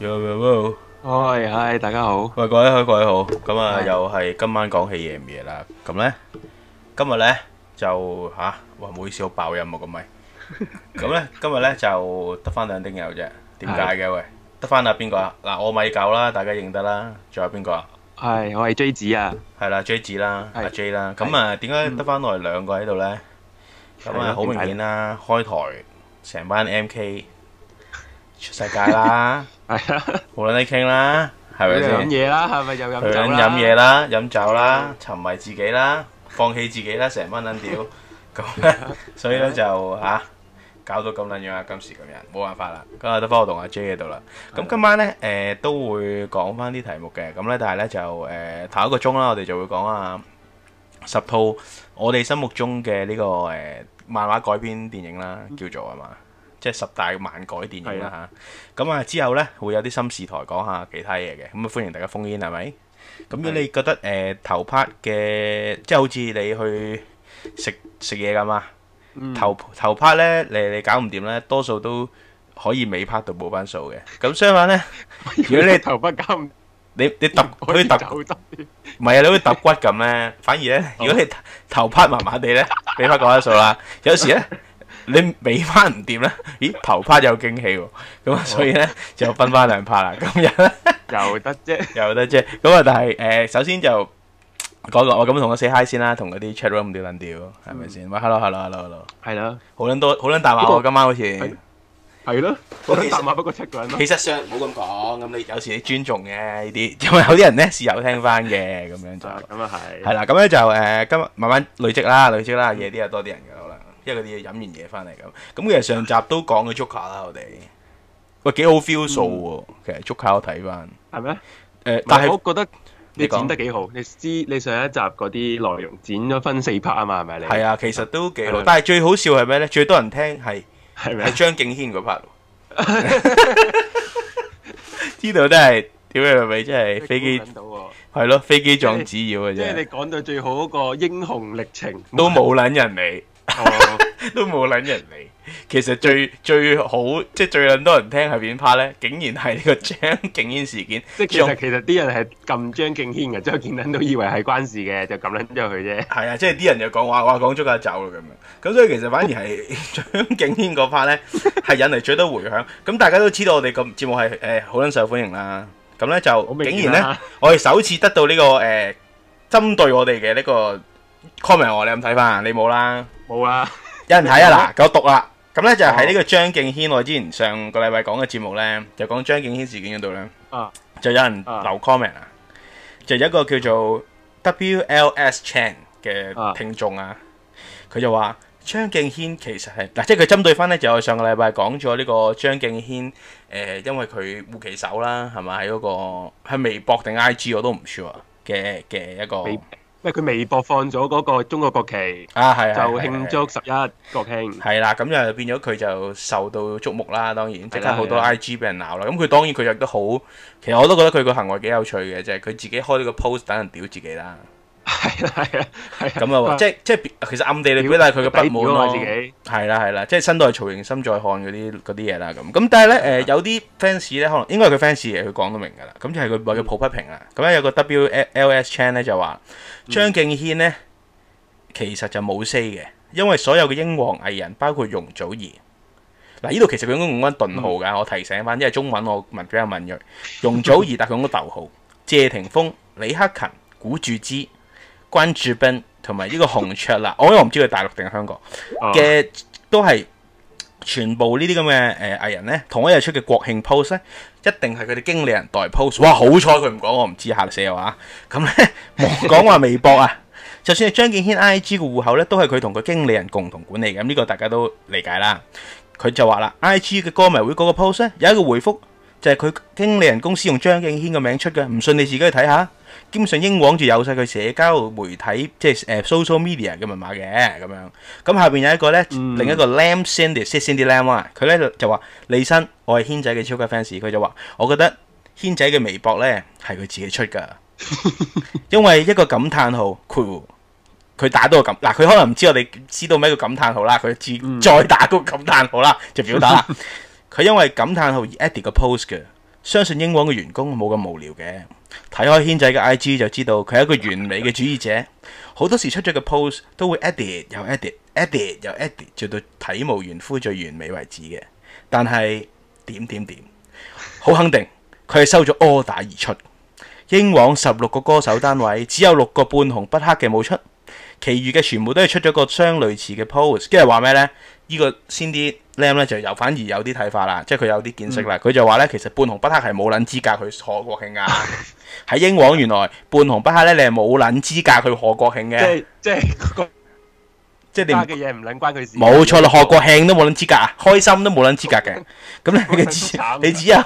又係冇，嗨嗨，大家好，各位好，各位好，咁啊，又係今晚講戲夜唔夜啦？咁咧，今日咧就吓，唔好意思，好爆音啊！咁咪，咁咧今日咧就得翻兩丁友啫，點解嘅喂？得翻啊邊個啊？嗱，我米九啦，大家認得啦，仲有邊個啊？係我係 J 子啊，係啦，J 子啦，阿 J 啦，咁啊，點解得翻落嚟兩個喺度咧？咁啊，好明顯啦，開台成班 MK 出世界啦，係啊，無論你傾啦，係咪先？飲嘢啦，係咪又飲？去飲飲嘢啦，飲酒啦，沉迷自己啦，放棄自己啦，成班捻屌咁咧，所以咧就吓搞到咁捻樣啊！今時今日冇辦法啦，今日得翻我同阿 J 喺度啦。咁今晚咧誒都會講翻啲題目嘅，咁咧但係咧就誒頭一個鐘啦，我哋就會講啊。十套我哋心目中嘅呢、這個誒、呃、漫畫改編電影啦，叫做啊嘛，嗯、即係十大漫改電影啦吓，咁、嗯、啊之後呢會有啲心事台講下其他嘢嘅，咁、嗯、啊歡迎大家烽煙係咪？咁、嗯、如果你覺得誒、呃、頭 part 嘅即係好似你去食食嘢咁嘛，頭頭 part 咧你你搞唔掂呢，多數都可以尾 part 度補翻數嘅。咁相反呢， 如果你頭 part 搞唔， 你你揼可以揼，唔係啊！你好似揼骨咁咧，反而咧，的如果你頭拍麻麻地咧，俾翻九一數啦。有時咧，你尾翻唔掂咧，咦？頭拍有驚喜喎，咁啊，所以咧的就分翻兩拍啦。今日咧又得啫， 又得啫。咁啊，但係誒，首先就講個，我咁同我死嗨先啦，同嗰啲 chat room 調嚟調，係咪先？喂、嗯啊、，hello hello hello hello，係咯，好卵多，好卵大話喎，啊、今晚好似。係咯，我都話不過七個人咯。其實上唔好咁講，咁你有時你尊重嘅，呢啲，因為有啲人咧是有聽翻嘅咁樣就。咁啊係。係啦，咁咧就誒，今日慢慢累積啦，累積啦，夜啲又多啲人噶，可能，因為嗰啲嘢，飲完嘢翻嚟咁。咁其實上集都講咗足球啦，我哋。喂，幾好 feel 數喎，其實足球我睇翻。係咩？誒，但係我覺得你剪得幾好，你知你上一集嗰啲內容剪咗分四 part 啊嘛，係咪嚟？係啊，其實都幾好，但係最好笑係咩咧？最多人聽係。係咪？係張敬軒嗰 part，知道都係點啊？咪即係飛機，係咯飛機撞紙鷂嘅啫。即係、就是就是、你講到最好一個英雄歷程，都冇捻人嚟， 都冇捻人嚟。哦 其實最最好即係最多人聽係邊 part 咧？竟然係呢個張敬軒事件。即係其實其實啲人係撳張敬軒嘅張敬軒都以為係關事嘅，就撳捻咗佢啫。係啊，即係啲人就講話，話講足架走啦咁樣。咁所以其實反而係張敬軒嗰 part 咧，係引嚟，最多回響。咁大家都知道我哋個節目係誒好撚受歡迎啦。咁咧就竟然咧，我哋首次得到呢個誒針對我哋嘅呢個 comment，我你有冇睇返啊？你冇啦，冇啦，有人睇啊，嗱，我讀啦。咁咧就喺呢個張敬軒，我之前上個禮拜講嘅節目咧，就講張敬軒事件嗰度咧，啊、就有人留 comment 啊，就有一個叫做 WLS Chan 嘅聽眾啊，佢、啊、就話張敬軒其實係嗱、啊，即係佢針對翻咧，就我上個禮拜講咗呢個張敬軒，誒、呃，因為佢護旗手啦，係咪？喺嗰、嗰個喺微博定 IG 我都唔 sure 嘅嘅一個。喂，佢微博放咗嗰個中國國旗啊，係就慶祝十一國慶，係啦，咁就變咗佢就受到矚目啦。當然，即係好多 IG 俾人鬧啦。咁佢的當然佢亦都好，的其實我都覺得佢個行為幾有趣嘅，就係佢自己開咗個 post 等人屌自己啦。係啦，係啊，係咁啊，即係即係其實暗地裏表達佢嘅不滿咯，自己係啦係啦，即係身在曹營心在漢嗰啲嗰啲嘢啦。咁咁但係咧，誒、 呃、有啲 fans 咧，可能應該係佢 fans 嚟，佢講都明噶啦。咁就係佢話嘅抱不平啦。咁咧有個 W L S Chan 咧就話張敬軒呢，其實就冇 say 嘅，因為所有嘅英皇藝人包括容祖兒嗱呢度其實佢應該用緊頓號噶，嗯、我提醒翻，因為中文我問文比較文銳。 容祖兒搭用個逗號，謝霆鋒、李克勤、古巨基。關注 b 同埋呢個紅卓啦， 因為我又唔知佢大陸定香港嘅， 都係全部呢啲咁嘅誒藝人呢。同一日出嘅國慶 post 咧，一定係佢哋經理人代 post。 哇！好彩佢唔講，我唔知下嚟寫話。咁咧，冇講話微博啊， 就算係張敬軒 IG 嘅戶口呢，都係佢同佢經理人共同管理嘅，呢、這個大家都理解啦。佢就話啦，IG 嘅歌迷會嗰個 post 咧，有一個回覆就係佢經理人公司用張敬軒嘅名出嘅，唔信你自己去睇下。基本上英皇就有晒佢社交媒體，即係 social media 嘅密碼嘅咁樣，咁下邊有一個咧，嗯、另一個 Lam Sandy Six Sandy Lam 啊，佢咧就話李生，san，我係軒仔嘅超級 fans，佢就話我覺得軒仔嘅微博咧係佢自己出㗎，因為一個感嘆號佢打到個感，嗱，佢可能唔知我哋知道咩叫感嘆號啦，佢自、嗯、再打到個感嘆號啦，就表達佢因為感嘆號而 edit 個 post 嘅。相信英皇嘅員工冇咁無聊嘅，睇開軒仔嘅 IG 就知道佢係一個完美嘅主義者，好多時出咗個 pose 都會 edit 由 edit，edit 由 edit，做到體無完膚最完美為止嘅。但係點點點，好肯定佢係收咗柯打而出。英皇十六個歌手單位只有六個半紅不黑嘅冇出，其餘嘅全部都係出咗個相類似嘅 pose，跟住話咩呢？呢、呢個先啲。Lam 咧就又反而有啲睇法啦，即係佢有啲見識啦。佢、嗯、就話咧，其實半紅不黑係冇撚資格去賀國慶噶。喺 英皇原來半紅不黑咧，你係冇撚資格去賀國慶嘅。即係、那個、即係即係你嘅嘢唔撚關佢事。冇錯啦，賀國慶都冇撚資格啊，開心都冇撚資格嘅。咁 你只 你只有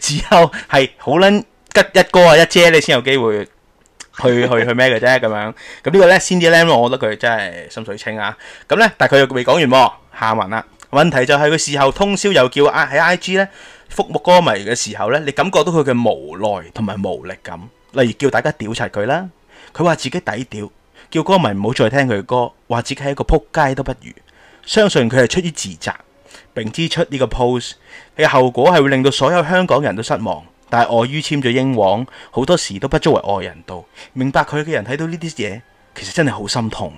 只有係好撚吉一哥啊一姐，你先有機會去 去去咩嘅啫。咁樣咁呢個咧先至 Lam 我覺得佢真係心水清啊。咁咧，但係佢又未講完喎，下文啦。問題就係佢事後通宵又叫「啊」喺 IG 咧，覆目歌迷嘅時候咧，你感覺到佢嘅無奈同埋無力感，例如叫大家屌柒佢啦。佢話自己抵屌，叫歌迷唔好再聽佢嘅歌，話自己係一個撲街都不如。相信佢係出於自責，並指出呢個 pose 嘅後果係會令到所有香港人都失望。但係礙於簽咗英皇，好多時都不足為外人道。明白佢嘅人睇到呢啲嘢，其實真係好心痛。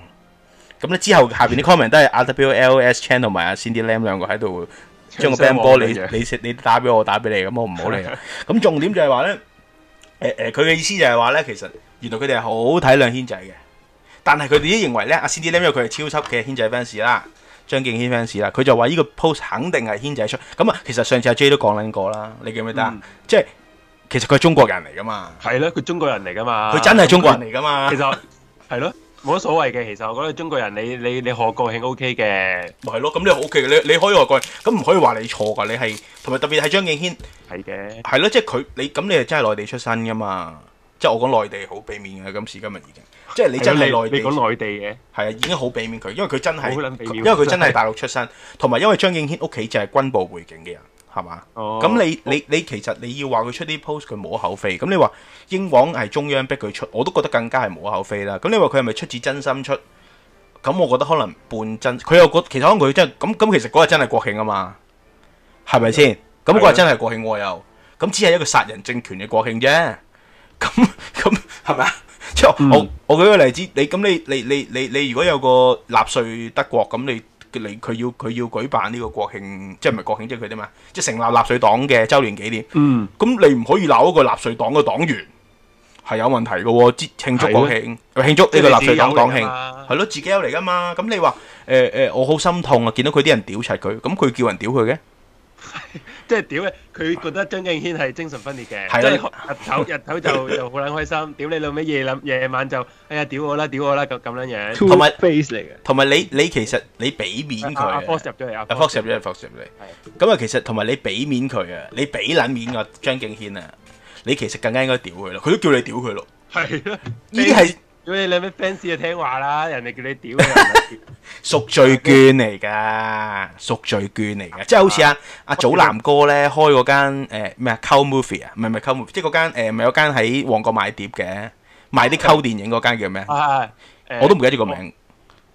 咁咧之後下邊啲 comment 都係 R W L S channel 同埋阿 Cindy Lam 兩個喺度將個 b a m 玻璃你你，你打俾我，我打俾你，咁我唔好理啦。咁 重點就係話咧，誒、呃、誒，佢、呃、嘅意思就係話咧，其實原來佢哋係好體諒軒仔嘅，但係佢哋都認為咧，阿 Cindy Lam 因為佢係超級嘅軒仔 fans 啦，張敬軒 fans 啦，佢就話呢個 post 肯定係軒仔出。咁啊，其實上次阿 J 都講撚過啦，你記唔記得？嗯、即係其實佢係中國人嚟噶嘛？係咯，佢中國人嚟噶嘛？佢真係中國人嚟噶嘛？其實係咯。 冇乜所謂嘅，其實我覺得中國人你你你學國慶 O K 嘅，係咯，咁你係 O K 嘅，你你可以學國慶咁唔可以話你錯噶，你係同埋特別係張敬軒，係嘅，係咯，即係佢你咁你係真係內地出身噶嘛，即係我講內地好俾面嘅，今時今日已經，即係你真係內地講內地嘅，係啊，已經好俾面佢，因為佢真係，因為佢真係大陸出身，同埋因為張敬軒屋企就係軍部背景嘅人。係嘛？咁、哦、你你你其實你要話佢出啲 post，佢無可厚非。咁你話英皇係中央逼佢出，我都覺得更加係無可厚非啦。咁你話佢係咪出自真心出？咁我覺得可能半真。佢有個，其實可能佢真，咁咁其實嗰日真係國慶啊嘛，係咪先？咁嗰日真係國慶是的 我又，咁只係一個殺人政權嘅國慶啫。咁咁係咪啊？即 我我舉個例子，你咁你你你你你,你如果有個納粹德國咁你。佢佢要佢要舉辦呢個國慶，即係唔係國慶，嗯、即係佢哋嘛，即係成立納粹黨嘅周年紀念。嗯，咁你唔可以鬧一個納粹黨嘅黨員係有問題嘅喎，即慶祝國慶，的慶祝呢個納粹黨黨慶，係咯自己有嚟㗎嘛。咁你話誒誒，我好心痛啊！見到佢啲人屌柒佢，咁佢叫人屌佢嘅。即係屌咧，佢覺得張敬軒係精神分裂嘅。日頭日頭就就好捻開心，屌你老味，夜諗夜晚就哎呀屌我啦，屌我啦咁咁樣樣。同埋 face 嚟嘅，同埋你你其實你俾面佢，阿 Fox 入咗嚟，阿 Fox 入咗嚟，Fox 嚟。係咁啊，其實同埋你俾面佢啊，你俾捻面個張敬軒啊，你其實更加應該屌佢咯，佢都叫你屌佢咯。係啦，呢啲係。如果你咩 fans 就聽話啦，人哋叫你屌，贖罪券嚟噶，贖罪券嚟噶，即係好似阿阿祖藍哥咧開嗰間誒咩啊溝 movie 啊，唔係唔係溝，即係嗰間誒咪有間喺旺角買碟嘅，買啲溝電影嗰間叫咩啊？我都唔記得住個名，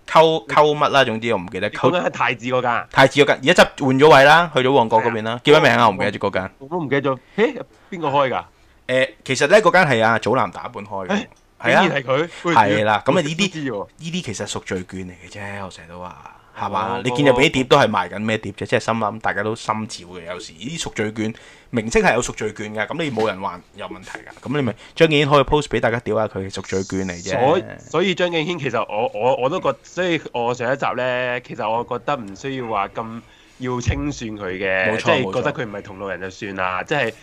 溝溝乜啦，總之我唔記得。溝咗係太子嗰間，太子嗰間而家執換咗位啦，去咗旺角嗰邊啦。叫咩名啊？我唔記得住嗰間，我都唔記得咗。誒，邊個開噶？誒，其實咧嗰間係阿祖藍打本開嘅。係啊，係佢係啦，咁啊呢啲呢啲其實贖罪券嚟嘅啫，我成日都話係嘛，你見到俾碟都係賣緊咩碟啫，即係心諗大家都心照嘅，有時呢啲贖罪券名稱係有贖罪券嘅，咁你冇人話有問題㗎，咁你咪張敬軒開 post 俾大家屌下佢贖罪券嚟啫。所所以張敬軒其實我我我都覺，所以我上一集咧，其實我覺得唔需要話咁要清算佢嘅，即係覺得佢唔係同路人就算啦，即係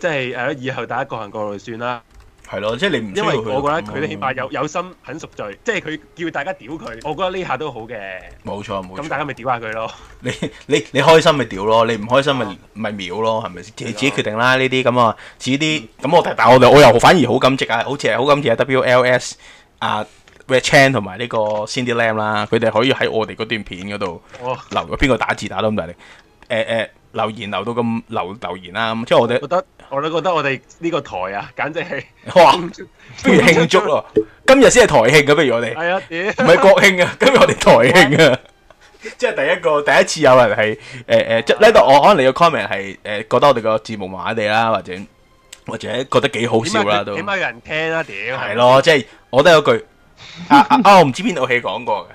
即係誒，以後大家各行各路算啦。係咯，即係你唔因為我覺得佢起碼有有心很贖罪，嗯、即係佢叫大家屌佢，我覺得呢下都好嘅。冇錯，冇錯，咁大家咪屌下佢咯，咯。你你你開心咪屌咯，你唔開心咪咪秒咯，係咪先？你自，自己決定啦。呢啲咁啊，似啲咁我，我、嗯、但我哋我又反而好感激，感激，感激 LS，啊，好似係好感謝啊 WLS 啊 Wechand 同埋呢個 Cindy Lam 啦，佢哋可以喺我哋嗰段片嗰度留咗邊個打字打到咁大力，誒、呃、誒、呃、留言留到咁留留言啦。即係、就是、我哋覺得。我都覺得我哋呢個台啊，簡直係哇，不如慶祝咯！今日先係台慶嘅， 不如我哋係啊，屌唔係國慶啊，今日我哋台慶啊，即係第一個第一次有人係誒誒，即呢度我可能你嘅 comment 係誒覺得我哋個節目麻麻地啦，或者或者覺得幾好笑啦都，起碼、啊、有人聽啦屌，係咯、啊，即係我都有一句 啊，啊，啊我唔知邊套戲講過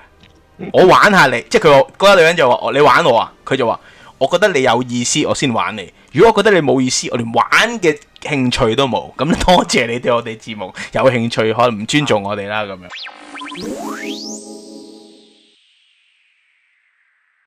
嘅，我玩下你，即係佢嗰個女人就話你玩我啊，佢就話。我覺得你有意思，我先玩你。如果我覺得你冇意思，我連玩嘅興趣都冇，咁多謝你對我哋節目有興趣，可能唔尊重我哋啦咁樣。